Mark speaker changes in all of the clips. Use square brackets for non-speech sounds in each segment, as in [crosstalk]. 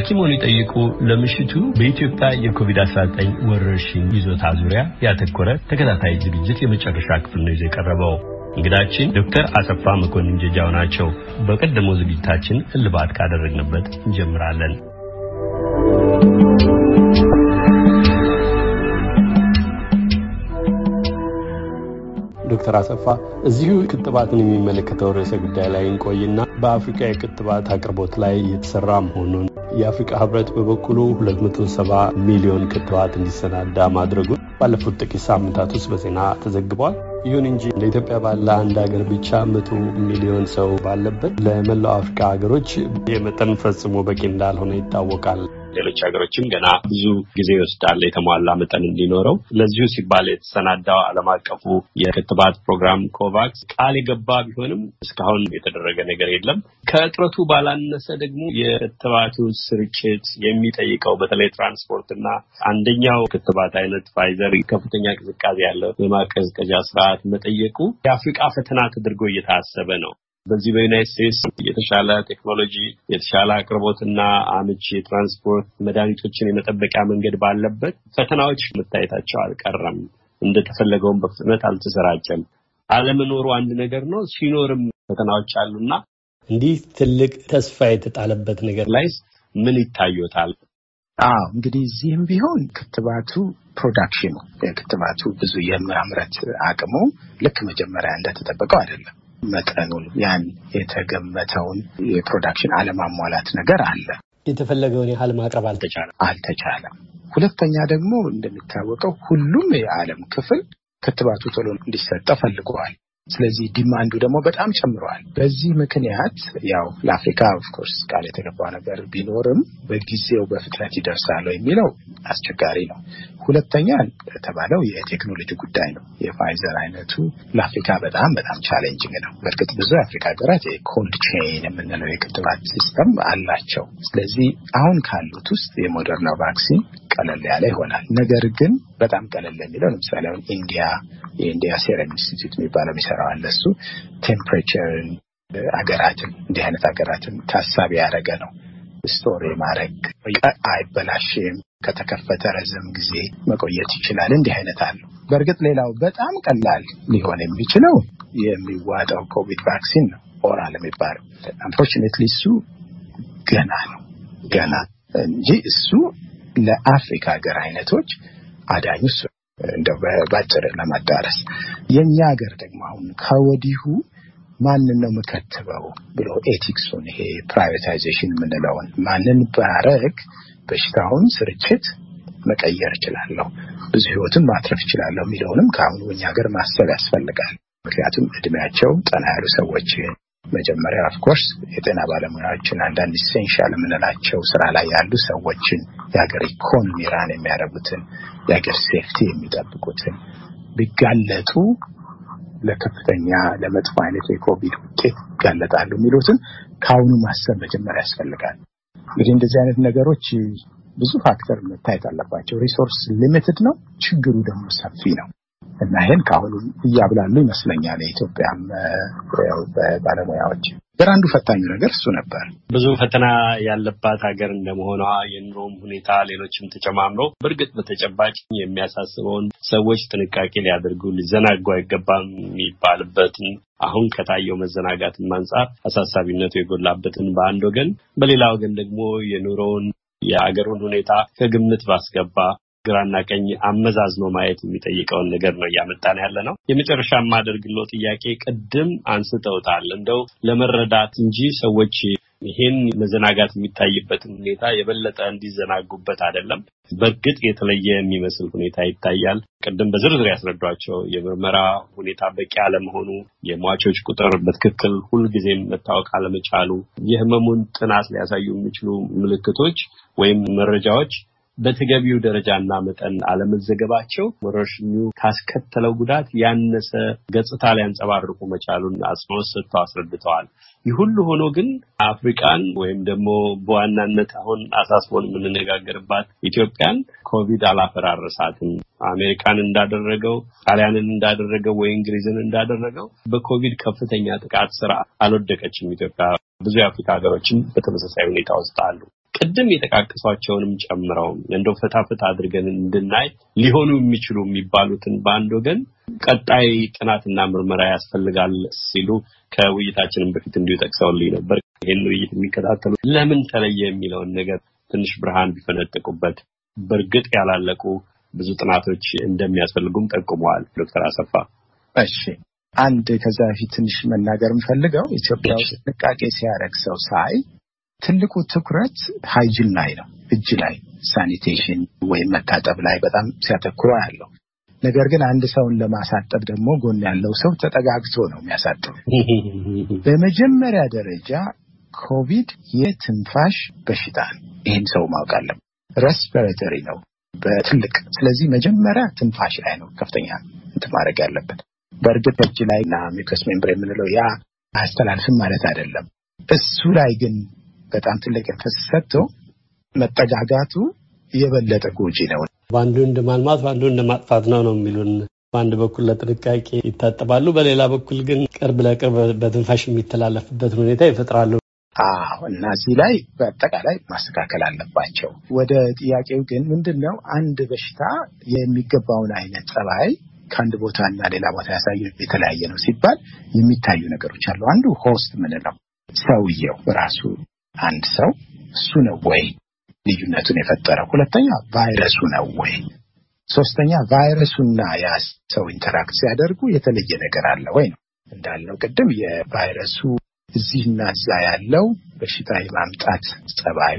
Speaker 1: ሐኪሙን ይጠይቁ ለምሽቱ በኢትዮጵያ የኮቪድ-19 ወረርሽኝ ይዞታ ዙሪያ ያተኮረ ተከታታይ ዝግጅት የመጨረሻ ክፍል ነው ይዞ የቀረበው። እንግዳችን ዶክተር አሰፋ መኮንን ጀጃው ናቸው። በቀደመው ዝግጅታችን እልባት ካደረግንበት እንጀምራለን። ዶክተር አሰፋ እዚሁ ክትባትን የሚመለከተው ርዕሰ ጉዳይ ላይ እንቆይና በአፍሪካ የክትባት አቅርቦት ላይ የተሰራ መሆኑን የአፍሪቃ ህብረት በበኩሉ 270 ሚሊዮን ክትባት እንዲሰናዳ ማድረጉን ባለፉት ጥቂት ሳምንታት ውስጥ በዜና ተዘግቧል። ይሁን እንጂ እንደ ኢትዮጵያ ባለ አንድ ሀገር ብቻ መቶ ሚሊዮን ሰው ባለበት ለመላው አፍሪካ ሀገሮች የመጠን ፈጽሞ በቂ እንዳልሆነ ይታወቃል። ሌሎች ሀገሮችም ገና ብዙ ጊዜ ይወስዳል የተሟላ መጠን እንዲኖረው። ለዚሁ ሲባል የተሰናዳው ዓለም አቀፉ የክትባት ፕሮግራም ኮቫክስ ቃል የገባ ቢሆንም እስካሁን የተደረገ ነገር የለም። ከእጥረቱ ባላነሰ ደግሞ የክትባቱ ስርጭት የሚጠይቀው በተለይ ትራንስፖርት እና አንደኛው ክትባት አይነት ፋይዘር ከፍተኛ ቅዝቃዜ ያለው የማቀዝቀዣ ስርዓት መጠየቁ የአፍሪቃ ፈተና ተደርጎ እየታሰበ ነው። በዚህ በዩናይት ስቴትስ የተሻለ ቴክኖሎጂ የተሻለ አቅርቦትና አመቺ የትራንስፖርት መድኃኒቶችን የመጠበቂያ መንገድ ባለበት ፈተናዎች መታየታቸው አልቀረም። እንደተፈለገውን በፍጥነት አልተሰራጨም። አለመኖሩ አንድ ነገር ነው። ሲኖርም ፈተናዎች አሉና እንዲህ ትልቅ ተስፋ የተጣለበት ነገር ላይስ ምን ይታዩታል? አዎ እንግዲህ እዚህም ቢሆን ክትባቱ ፕሮዳክሽኑ የክትባቱ ብዙ የማምረት አቅሙ
Speaker 2: ልክ መጀመሪያ እንደተጠበቀው አይደለም። መጠኑን ያን የተገመተውን የፕሮዳክሽን አለማሟላት ነገር አለ።
Speaker 1: የተፈለገውን ያህል ማቅረብ አልተቻለም አልተቻለም።
Speaker 2: ሁለተኛ ደግሞ እንደሚታወቀው ሁሉም የዓለም ክፍል ክትባቱ ቶሎ እንዲሰጠ ፈልገዋል። ስለዚህ ዲማንዱ ደግሞ በጣም ጨምረዋል። በዚህ ምክንያት ያው ለአፍሪካ ኦፍኮርስ ቃል የተገባ ነገር ቢኖርም በጊዜው በፍጥነት ይደርሳል የሚለው አስቸጋሪ ነው። ሁለተኛ የተባለው የቴክኖሎጂ ጉዳይ ነው። የፋይዘር አይነቱ ለአፍሪካ በጣም በጣም ቻሌንጅንግ ነው። በእርግጥ ብዙ የአፍሪካ ሀገራት የኮልድ ቼን የምንለው የክትባት ሲስተም አላቸው። ስለዚህ አሁን ካሉት ውስጥ የሞደርና ቫክሲን ቀለል ያለ ይሆናል። ነገር ግን በጣም ቀለል የሚለው ለምሳሌ አሁን ኢንዲያ የኢንዲያ ሴረም ኢንስቲትዩት የሚባለው የሚሰራው አለ። እሱ ቴምፕሬቸርን አገራትን እንዲህ አይነት ሀገራትን ታሳቢ ያደረገ ነው ስቶሪ ማድረግ አይበላሽም ከተከፈተ ረዘም ጊዜ መቆየት ይችላል። እንዲህ አይነት አለ በእርግጥ ሌላው በጣም ቀላል ሊሆን የሚችለው የሚዋጠው ኮቪድ ቫክሲን ነው፣ ኦራል የሚባለው አንፎርችኔትሊ እሱ ገና ነው ገና እንጂ እሱ ለአፍሪካ ሀገር አይነቶች አዳኙ እሱ እንደው ባጭር ለማዳረስ የእኛ ሀገር ደግሞ አሁን ከወዲሁ ማንን ነው የምከትበው ብሎ ኤቲክሱን ይሄ ፕራይቬታይዜሽን የምንለውን ማንን ባረግ በሽታውን ስርጭት መቀየር እችላለሁ፣ ብዙ ህይወትን ማትረፍ እችላለሁ የሚለውንም ከአሁኑ እኛ ሀገር ማሰብ ያስፈልጋል። ምክንያቱም እድሜያቸው ጠና ያሉ ሰዎች መጀመሪያ ኦፍኮርስ የጤና ባለሙያዎችን አንዳንድ ኢሴንሻል የምንላቸው ስራ ላይ ያሉ ሰዎችን የሀገር ኢኮኖሚ ራን የሚያደርጉትን የሀገር ሴፍቲ የሚጠብቁትን ቢጋለጡ ለከፍተኛ ለመጥፎ አይነት የኮቪድ ውጤት ይጋለጣሉ የሚሉትን ከአሁኑ ማሰብ መጀመሪያ ያስፈልጋል። እንግዲህ እንደዚህ አይነት ነገሮች ብዙ ፋክተር መታየት አለባቸው። ሪሶርስ ሊሚትድ ነው፣ ችግሩ ደግሞ ሰፊ ነው እና ይህን ከአሁኑ እያብላሉ ይመስለኛል የኢትዮጵያም ባለሙያዎች ነገር አንዱ ፈታኙ ነገር እሱ
Speaker 1: ነበር። ብዙ ፈተና ያለባት ሀገር እንደመሆኗ የኑሮም ሁኔታ ሌሎችም ተጨማምሮ በእርግጥ በተጨባጭ የሚያሳስበውን ሰዎች ጥንቃቄ ሊያደርጉ ሊዘናጉ አይገባም የሚባልበትን አሁን ከታየው መዘናጋትን አንጻር አሳሳቢነቱ የጎላበትን በአንድ ወገን፣ በሌላ ወገን ደግሞ የኑሮውን የአገሩን ሁኔታ ከግምት ባስገባ ግራና ቀኝ አመዛዝኖ ማየት የሚጠይቀውን ነገር ነው ነው ያለ ነው። የመጨረሻ የማደርግለው ጥያቄ ቅድም አንስተውታል፣ እንደው ለመረዳት እንጂ ሰዎች ይህን መዘናጋት የሚታይበትን ሁኔታ የበለጠ እንዲዘናጉበት አይደለም። በእርግጥ የተለየ የሚመስል ሁኔታ ይታያል። ቅድም በዝርዝር ያስረዷቸው የምርመራ ሁኔታ በቂ አለመሆኑ፣ የሟቾች ቁጥር በትክክል ሁልጊዜም መታወቅ አለመቻሉ፣ የህመሙን ጥናት ሊያሳዩ የሚችሉ ምልክቶች ወይም መረጃዎች በተገቢው ደረጃና መጠን አለመዘገባቸው ወረርሽኙ ካስከተለው ጉዳት ያነሰ ገጽታ ሊያንጸባርቁ መቻሉን አጽንኦት ሰጥተው አስረድተዋል። ይህ ሁሉ ሆኖ ግን አፍሪቃን ወይም ደግሞ በዋናነት አሁን አሳስቦን የምንነጋገርባት ኢትዮጵያን ኮቪድ አላፈራረሳትም። አሜሪካን እንዳደረገው፣ ጣሊያንን እንዳደረገው ወይ እንግሊዝን እንዳደረገው በኮቪድ ከፍተኛ ጥቃት ስራ አልወደቀችም ኢትዮጵያ። ብዙ የአፍሪካ ሀገሮችም በተመሳሳይ ሁኔታ ውስጥ አሉ። ቅድም የጠቃቀሷቸውንም ጨምረው እንደው ፈታፈት አድርገን እንድናይ ሊሆኑ የሚችሉ የሚባሉትን በአንድ ወገን ቀጣይ ጥናትና ምርመራ ያስፈልጋል ሲሉ ከውይይታችንም በፊት እንዲሁ ጠቅሰውልኝ ነበር። ይህን ውይይት የሚከታተሉ ለምን ተለየ የሚለውን ነገር ትንሽ ብርሃን ቢፈነጥቁበት በእርግጥ ያላለቁ ብዙ ጥናቶች እንደሚያስፈልጉም ጠቁመዋል ዶክተር አሰፋ።
Speaker 2: እሺ አንድ ከዛ በፊት ትንሽ መናገር የምፈልገው ኢትዮጵያ ውስጥ ጥንቃቄ ሲያደርግ ሰው ሳይ ትልቁ ትኩረት ሃይጅን ላይ ነው፣ እጅ ላይ ሳኒቴሽን ወይም መታጠብ ላይ በጣም ሲያተኩሩ ያለው ነገር ግን አንድ ሰውን ለማሳጠብ ደግሞ ጎን ያለው ሰው ተጠጋግቶ ነው የሚያሳጥብ። [laughs] በመጀመሪያ ደረጃ ኮቪድ የትንፋሽ በሽታ ነው። ይህን ሰው ማወቅ አለብን። ረስፒሬተሪ ነው በትልቅ ስለዚህ መጀመሪያ ትንፋሽ ላይ ነው ከፍተኛ እንትን ማድረግ ያለበት። በእርግጥ እጅ ላይ እና ሚውከስ ሜምብር የምንለው ያ አያስተላልፍም ማለት አይደለም። እሱ ላይ ግን በጣም ትልቅ ኤንፈሲስ ሰጥቶ መጠጋጋቱ የበለጠ ጎጂ ነው።
Speaker 1: በአንዱ እንደ ማልማት በአንዱ እንደ ማጥፋት ነው ነው የሚሉን በአንድ በኩል ለጥንቃቄ ይታጠባሉ፣ በሌላ በኩል ግን ቅርብ ለቅርብ በትንፋሽ የሚተላለፍበት ሁኔታ ይፈጥራሉ። አዎ እና እዚህ ላይ በአጠቃላይ ማስተካከል አለባቸው።
Speaker 2: ወደ ጥያቄው ግን ምንድን ነው አንድ በሽታ የሚገባውን አይነት ጸባይ ከአንድ ቦታ እና ሌላ ቦታ ያሳየ የተለያየ ነው ሲባል የሚታዩ ነገሮች አሉ። አንዱ ሆስት ምንለው ሰውየው ራሱ አንድ ሰው እሱ ነው ወይ ልዩነቱን የፈጠረው? ሁለተኛ ቫይረሱ ነው ወይ? ሶስተኛ ቫይረሱና ያ ሰው ኢንተራክት ሲያደርጉ የተለየ ነገር አለ ወይ ነው። እንዳልነው ቅድም የቫይረሱ እዚህና እዛ ያለው በሽታ የማምጣት ጸባዩ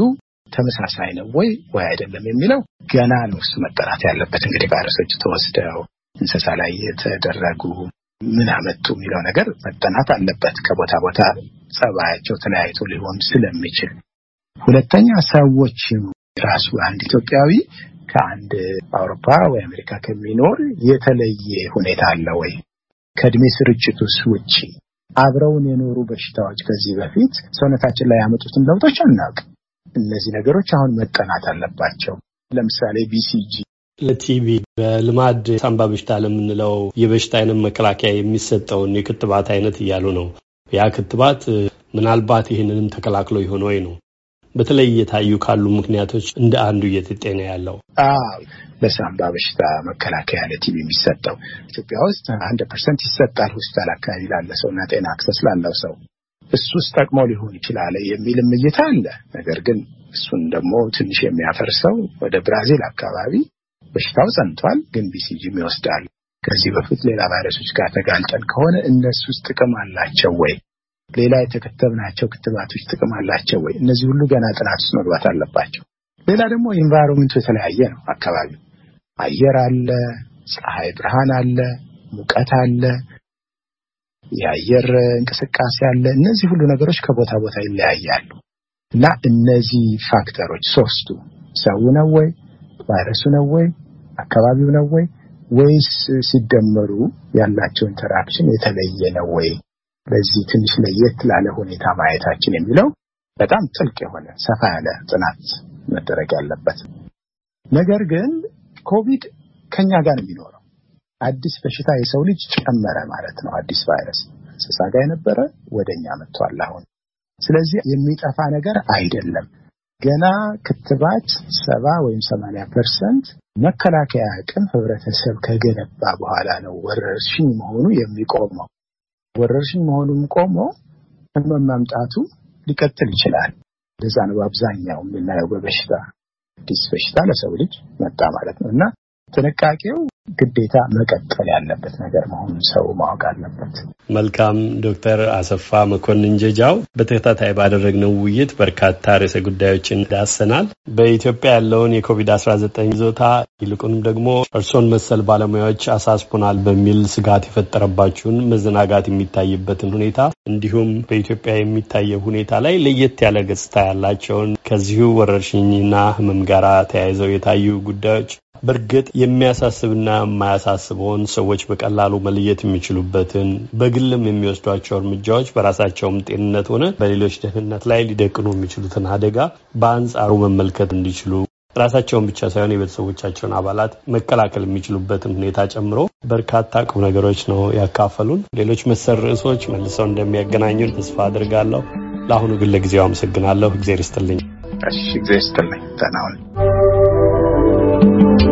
Speaker 2: ተመሳሳይ ነው ወይ ወይ አይደለም የሚለው ገና ነው እሱ መጠናት ያለበት። እንግዲህ ቫይረሶች ተወስደው እንስሳ ላይ የተደረጉ ምን አመጡ የሚለው ነገር መጠናት አለበት። ከቦታ ቦታ ጸባያቸው ተለያይቶ ሊሆን ስለሚችል፣ ሁለተኛ ሰዎችም ራሱ አንድ ኢትዮጵያዊ ከአንድ አውሮፓ ወይ አሜሪካ ከሚኖር የተለየ ሁኔታ አለ ወይ? ከእድሜ ስርጭቱስ ውጪ አብረውን የኖሩ በሽታዎች ከዚህ በፊት ሰውነታችን ላይ ያመጡትን ለውጦች አናውቅ። እነዚህ ነገሮች አሁን መጠናት አለባቸው። ለምሳሌ
Speaker 1: ቢሲጂ ለቲቪ በልማድ ሳምባ በሽታ ለምንለው የበሽታ አይነት መከላከያ የሚሰጠውን የክትባት አይነት እያሉ ነው። ያ ክትባት ምናልባት ይህንንም ተከላክሎ የሆነ ወይ ነው በተለይ እየታዩ ካሉ ምክንያቶች እንደ አንዱ እየተጤነ ያለው ለሳምባ በሽታ መከላከያ ለቲቪ የሚሰጠው ኢትዮጵያ ውስጥ አንድ ፐርሰንት
Speaker 2: ይሰጣል። ሆስፒታል አካባቢ ላለ ሰው እና ጤና አክሰስ ላለው ሰው እሱ ውስጥ ጠቅሞ ሊሆን ይችላል የሚልም እይታ አለ። ነገር ግን እሱን ደግሞ ትንሽ የሚያፈርሰው ወደ ብራዚል አካባቢ በሽታው ጸንቷል፣ ግን ቢሲጂም ይወስዳሉ። ከዚህ በፊት ሌላ ቫይረሶች ጋር ተጋልጠን ከሆነ እነሱስ ጥቅም አላቸው ወይ? ሌላ የተከተብናቸው ክትባቶች ጥቅም አላቸው ወይ? እነዚህ ሁሉ ገና ጥናት ውስጥ መግባት አለባቸው። ሌላ ደግሞ ኢንቫይሮንመንቱ የተለያየ ነው። አካባቢው አየር አለ፣ ፀሐይ ብርሃን አለ፣ ሙቀት አለ፣ የአየር እንቅስቃሴ አለ። እነዚህ ሁሉ ነገሮች ከቦታ ቦታ ይለያያሉ እና እነዚህ ፋክተሮች ሶስቱ ሰው ነው ወይ ቫይረሱ ነው ወይ አካባቢው ነው ወይ ወይስ ሲደመሩ ያላቸው ኢንተራክሽን የተለየ ነው ወይ? በዚህ ትንሽ ለየት ላለ ሁኔታ ማየታችን የሚለው በጣም ጥልቅ የሆነ ሰፋ ያለ ጥናት መደረግ ያለበት። ነገር ግን ኮቪድ ከኛ ጋር የሚኖረው አዲስ በሽታ የሰው ልጅ ጨመረ ማለት ነው። አዲስ ቫይረስ እንስሳ ጋር የነበረ ወደኛ መጥቷል አሁን። ስለዚህ የሚጠፋ ነገር አይደለም። ገና ክትባት ሰባ ወይም ሰማንያ ፐርሰንት መከላከያ አቅም ህብረተሰብ ከገነባ በኋላ ነው ወረርሽኝ መሆኑ የሚቆመው። ወረርሽኝ መሆኑም ቆሞ ህመም መምጣቱ ሊቀጥል ይችላል። እንደዛ ነው በአብዛኛው የምናየው በበሽታ አዲስ በሽታ ለሰው ልጅ መጣ ማለት ነው እና ጥንቃቄው ግዴታ መቀጠል ያለበት ነገር መሆኑን ሰው
Speaker 1: ማወቅ አለበት። መልካም ዶክተር አሰፋ መኮንን ጀጃው፣ በተከታታይ ባደረግነው ውይይት በርካታ ርዕሰ ጉዳዮችን ዳሰናል። በኢትዮጵያ ያለውን የኮቪድ-19 ይዞታ ይልቁንም ደግሞ እርሶን መሰል ባለሙያዎች አሳስቦናል በሚል ስጋት የፈጠረባችሁን መዘናጋት የሚታይበትን ሁኔታ እንዲሁም በኢትዮጵያ የሚታየው ሁኔታ ላይ ለየት ያለ ገጽታ ያላቸውን ከዚሁ ወረርሽኝና ህመም ጋር ተያይዘው የታዩ ጉዳዮች በእርግጥ የሚያሳስብና የማያሳስበውን ሰዎች በቀላሉ መለየት የሚችሉበትን በግልም የሚወስዷቸው እርምጃዎች በራሳቸውም ጤንነት ሆነ በሌሎች ደህንነት ላይ ሊደቅኑ የሚችሉትን አደጋ በአንጻሩ መመልከት እንዲችሉ ራሳቸውን ብቻ ሳይሆን የቤተሰቦቻቸውን አባላት መከላከል የሚችሉበትን ሁኔታ ጨምሮ በርካታ ቁም ነገሮች ነው ያካፈሉን። ሌሎች መሰል ርዕሶች መልሰው እንደሚያገናኙን ተስፋ አድርጋለሁ። ለአሁኑ ግን ለጊዜው አመሰግናለሁ። እግዜር ይስጥልኝ። እሺ፣ እግዜር ይስጥልኝ።